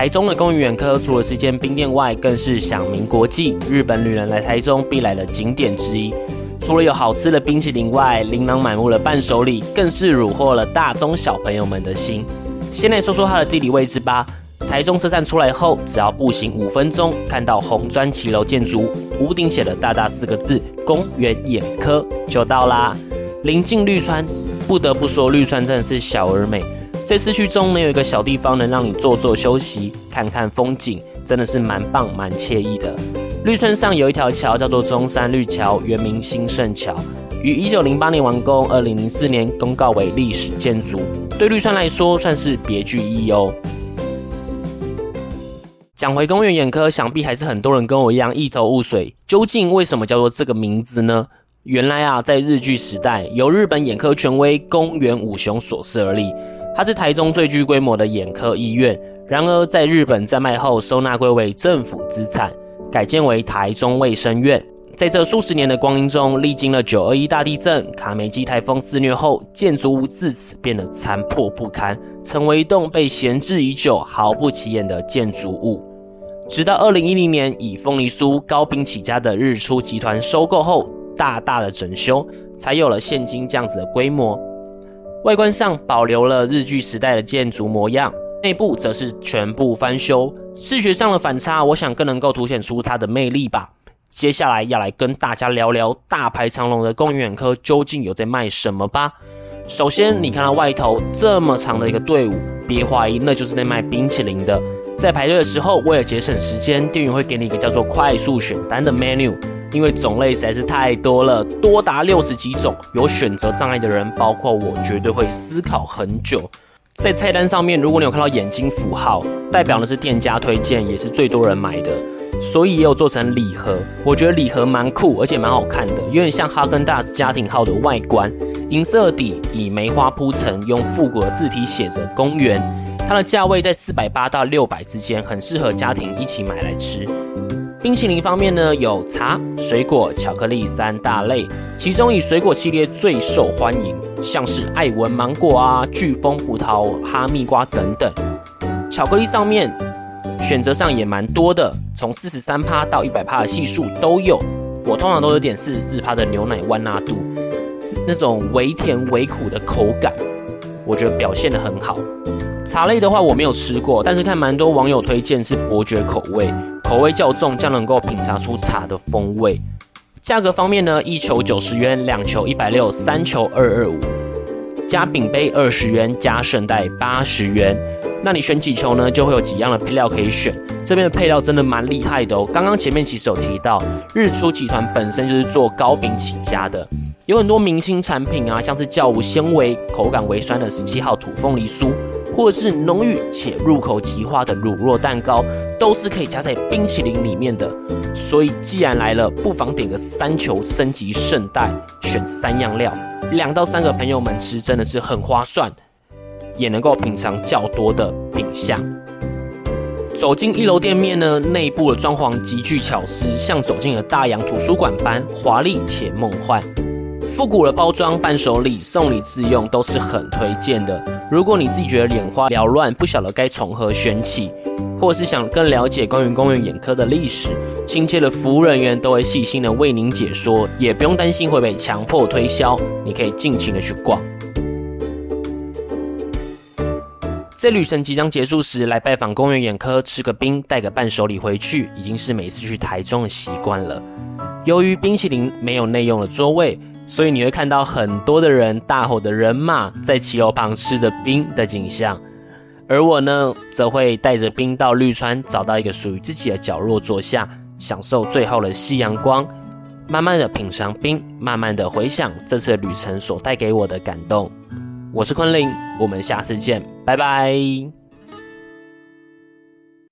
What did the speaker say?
台中的宮原眼科除了是間冰店外，更是享名國際日本旅人來台中必來的景點之一。除了有好吃的冰淇淋外，琳琅滿目的伴手禮更是虜獲了大中小朋友們的心。先來說說它的地理位置吧，台中車站出來後，只要步行五分鐘，看到紅磚騎樓建築，屋頂寫的大大四個字“宮原眼科”就到啦。鄰近綠川，不得不說綠川真的是小而美。在市區中，能有一個小地方能讓你坐坐休息、看看風景，真的是蠻棒、蠻愜意的。綠川上有一條橋，叫做中山綠橋，原名新盛橋，於一九零八年完工，二零零四年公告為歷史建築，對綠川來說算是別具意義哦。講回宮原眼科，想必還是很多人跟我一樣一頭霧水，究竟為什麼叫做這個名字呢？原來啊，在日據時代，由日本眼科權威宮原武雄所設立。它是台中最具規模的眼科醫院，然而在日本戰敗後，收納歸為政府資產，改建為台中衛生院。在這數十年的光陰中，歷經了九二一大地震、卡梅基台風肆虐後，建築物自此變得殘破不堪，成為一棟被閒置已久、毫不起眼的建築物。直到二零一零年，以鳳梨酥、糕餅起家的日出集團收購後，大大的整修，才有了現今這樣子的規模。外觀上保留了日治時代的建築模樣，內部則是全部翻修，視覺上的反差，我想更能夠凸顯出它的魅力吧。接下來要來跟大家聊聊大排長龍的宮原眼科究竟有在賣什麼吧。首先，你看到外頭這麼長的一個隊伍，別懷疑，那就是在賣冰淇淋的。在排隊的時候，為了節省時間，店員會給你一個叫做“快速選單”的 menu。因為種類實在是太多了，多達六十幾種。有選擇障礙的人，包括我，絕對會思考很久。在菜單上面，如果你有看到眼睛符號，代表呢是店家推薦，也是最多人買的。所以也有做成禮盒，我覺得禮盒蠻酷，而且蠻好看的，有點像哈根達斯家庭號的外觀，銀色底以梅花鋪成，用復古的字體寫着“宮原”。它的價位在四百八到六百之間，很適合家庭一起買來吃。冰淇淋方面呢，有茶、水果、巧克力三大類，其中以水果系列最受歡迎，像是愛文芒果啊、巨峰葡萄、哈密瓜等等。巧克力上面選擇上也蠻多的，從四十三趴到一百趴的係數都有。我通常都是點四十四趴的牛奶溫納度，那種微甜微苦的口感，我覺得表現得很好。茶類的話我沒有吃過，但是看蠻多網友推薦是伯爵口味。口味較重，將能夠品嚐出茶的風味。價格方面呢，一球九十元，兩球一百六，三球二二五，加餅杯二十元，加聖代八十元。那你選幾球呢，就會有幾樣的配料可以選。這邊的配料真的蠻厲害的哦。剛剛前面其實有提到，日出集團本身就是做糕餅起家的，有很多明星產品啊，像是酵母纖維口感微酸的十七號土鳳梨酥，或者是濃郁且入口即化的乳酪蛋糕。都是可以加在冰淇淋裡面的，所以既然來了，不妨點個三球升級聖代，選三樣料，兩到三個朋友們吃真的是很划算，也能夠品嚐較多的品項。走進一樓店面呢，內部的裝潢極具巧思，像走進了大洋圖書館般華麗且夢幻，復古的包裝，伴手禮、送禮自用都是很推薦的。如果你自己覺得眼花繚亂，不曉得該從何選起，或是想更了解關於宮原眼科的歷史，親切的服務人員都會細心的為您解說，也不用擔心會被強迫推銷，你可以盡情的去逛。在旅程即將結束時，來拜訪宮原眼科吃個冰，帶個伴手禮回去，已經是每次去台中的習慣了。由於冰淇淋沒有內用的座位。所以你會看到很多的人，大夥的人馬在騎樓旁吃着冰的景象，而我呢，則會帶着冰到綠川，找到一個屬於自己的角落坐下，享受最後的夕陽光，慢慢的品嚐冰，慢慢的回想這次旅程所帶給我的感動。我是昆凌，我們下次見，拜拜。